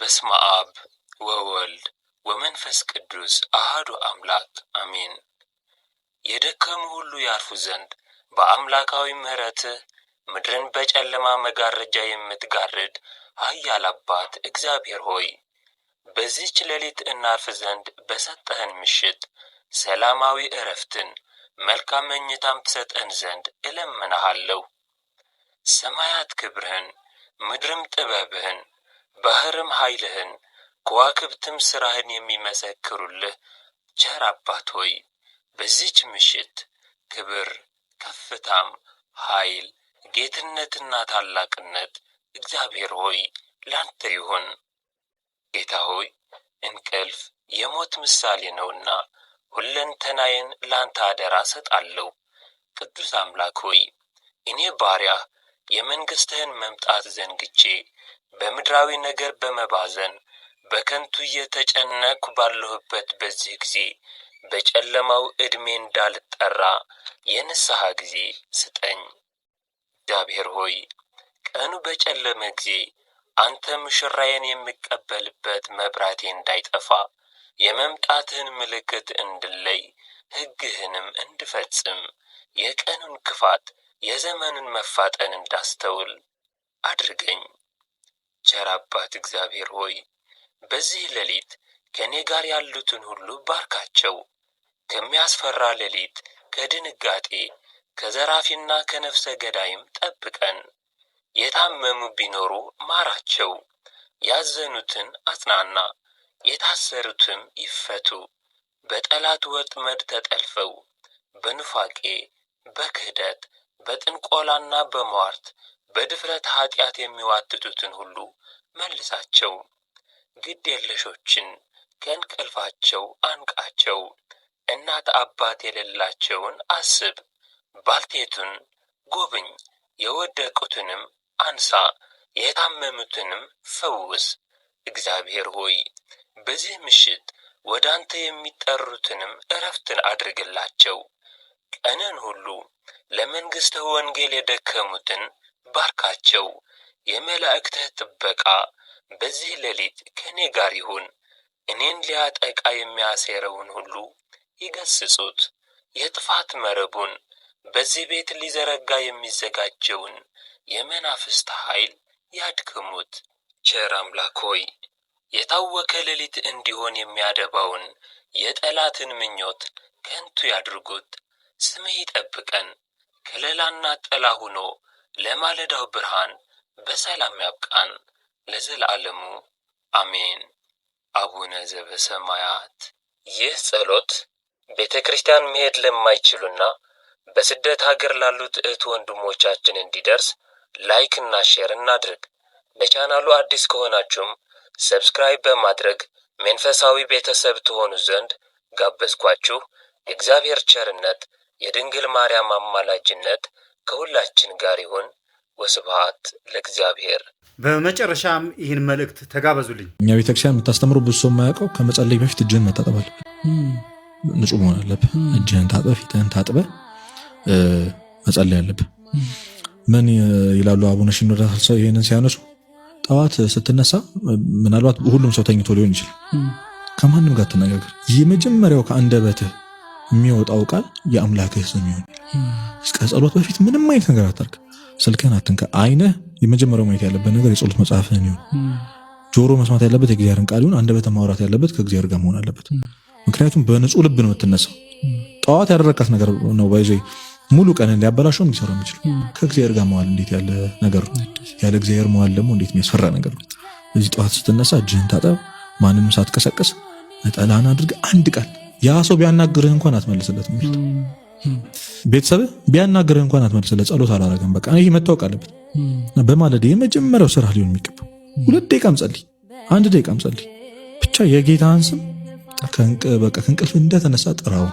በስመ አብ ወወልድ ወመንፈስ ቅዱስ አህዱ አምላክ አሜን። የደከሙ ሁሉ ያርፉ ዘንድ በአምላካዊ ምሕረትህ ምድርን በጨለማ መጋረጃ የምትጋርድ ኃያል አባት እግዚአብሔር ሆይ በዚች ሌሊት እናርፍ ዘንድ በሰጠህን ምሽት ሰላማዊ እረፍትን መልካም መኝታም ትሰጠን ዘንድ እለምንሃለሁ። ሰማያት ክብርህን ምድርም ጥበብህን ባህርም ኃይልህን ከዋክብትም ሥራህን የሚመሰክሩልህ ቸር አባት ሆይ በዚች ምሽት ክብር፣ ከፍታም፣ ኃይል፣ ጌትነትና ታላቅነት እግዚአብሔር ሆይ ላንተ ይሁን። ጌታ ሆይ እንቅልፍ የሞት ምሳሌ ነውና ሁለንተናዬን ላንተ አደራ ሰጣለሁ። ቅዱስ አምላክ ሆይ እኔ ባሪያህ የመንግሥትህን መምጣት ዘንግቼ በምድራዊ ነገር በመባዘን በከንቱ እየተጨነኩ ባለሁበት በዚህ ጊዜ በጨለማው ዕድሜ እንዳልጠራ የንስሐ ጊዜ ስጠኝ። እግዚአብሔር ሆይ ቀኑ በጨለመ ጊዜ አንተ ሙሽራዬን የምቀበልበት መብራቴ እንዳይጠፋ የመምጣትህን ምልክት እንድለይ ሕግህንም እንድፈጽም የቀኑን ክፋት የዘመኑን መፋጠን እንዳስተውል አድርገኝ። ቸር አባት እግዚአብሔር ሆይ በዚህ ሌሊት ከእኔ ጋር ያሉትን ሁሉ ባርካቸው። ከሚያስፈራ ሌሊት፣ ከድንጋጤ፣ ከዘራፊና ከነፍሰ ገዳይም ጠብቀን። የታመሙ ቢኖሩ ማራቸው፣ ያዘኑትን አጽናና፣ የታሰሩትም ይፈቱ። በጠላት ወጥመድ ተጠልፈው በኑፋቄ በክህደት በጥንቆላና በሟርት በድፍረት ኃጢአት የሚዋትቱትን ሁሉ መልሳቸው፣ የለሾችን ከእንቅልፋቸው አንቃቸው፣ እናት አባት የሌላቸውን አስብ፣ ባልቴቱን ጎብኝ፣ የወደቁትንም አንሳ፣ የታመሙትንም ፈውስ። እግዚአብሔር ሆይ በዚህ ምሽት ወደ አንተ የሚጠሩትንም እረፍትን አድርግላቸው። ቀንን ሁሉ ለመንግሥተ ወንጌል የደከሙትን ባርካቸው። የመላእክትህ ጥበቃ በዚህ ሌሊት ከእኔ ጋር ይሁን። እኔን ሊያጠቃ የሚያሴረውን ሁሉ ይገስጹት። የጥፋት መረቡን በዚህ ቤት ሊዘረጋ የሚዘጋጀውን የመናፍስት ኃይል ያድክሙት። ቸር አምላክ ሆይ የታወከ ሌሊት እንዲሆን የሚያደባውን የጠላትን ምኞት ከንቱ ያድርጉት። ስምህ ይጠብቀን። ከለላና ጥላ ሆኖ ለማለዳው ብርሃን በሰላም ያብቃን ለዘላለሙ አሜን። አቡነ ዘበሰማያት። ይህ ጸሎት ቤተ ክርስቲያን መሄድ ለማይችሉና በስደት ሀገር ላሉት እህት ወንድሞቻችን እንዲደርስ ላይክ እና ሼር እናድርግ። ለቻናሉ አዲስ ከሆናችሁም ሰብስክራይብ በማድረግ መንፈሳዊ ቤተሰብ ትሆኑ ዘንድ ጋበዝኳችሁ። የእግዚአብሔር ቸርነት የድንግል ማርያም አማላጅነት ከሁላችን ጋር ይሁን። ወስብሐት ለእግዚአብሔር። በመጨረሻም ይህን መልእክት ተጋበዙልኝ። እኛ ቤተክርስቲያን የምታስተምረው ብዙ ሰው የማያውቀው ከመጸለይ በፊት እጅህን መታጠባል። ንጹህ መሆን አለብህ። እጅህን ታጥበህ ፊትህን ታጥበህ መጸለይ አለብህ። ምን ይላሉ አቡነ ሽኖዳ ሰው ይህንን ሲያነሱ ጠዋት ስትነሳ ምናልባት ሁሉም ሰው ተኝቶ ሊሆን ይችላል። ከማንም ጋር ትነጋገር። የመጀመሪያው ከአንደበትህ የሚወጣው ቃል የአምላክህ ስም ይሆን። ጸሎት በፊት ምንም አይነት ነገር አታርግ። ስልክህን አትንካ። አይንህ የመጀመሪያው ማየት ያለበት ነገር የጸሎት መጽሐፍህን ይሁን። ጆሮ መስማት ያለበት የእግዚአብሔርን ቃል ይሁን። አንደበት ማውራት ያለበት ከእግዚአብሔር ጋር መሆን አለበት። ምክንያቱም በንጹህ ልብ ነው የምትነሳው። ጠዋት ያደረካት ነገር ነው ባይዘ ሙሉ ቀን ሊያበላሸው ሊሰራ የሚችል ከእግዚአብሔር ጋር መዋል እንዴት ያለ ነገር ነው። ያለ እግዚአብሔር መዋል ደግሞ እንዴት የሚያስፈራ ነገር ነው። እዚህ ጠዋት ስትነሳ እጅህን ታጠብ፣ ማንንም ሳትቀሰቅስ ነጠላህን አድርገህ አንድ ቃል ያ ሰው ቢያናግርህ እንኳን አትመልስለትም። ቤተሰብ ቢያናግርህ እንኳን አትመልስለት። ጸሎት አላረገም። በቃ ይህ መታወቅ አለበት። በማለት የመጀመሪያው ስራ ሊሆን የሚገባው ሁለት ደቂቃም ጸልይ፣ አንድ ደቂቃም ጸልይ። ብቻ የጌታን ስም ከእንቅልፍ እንደተነሳ ጥራው።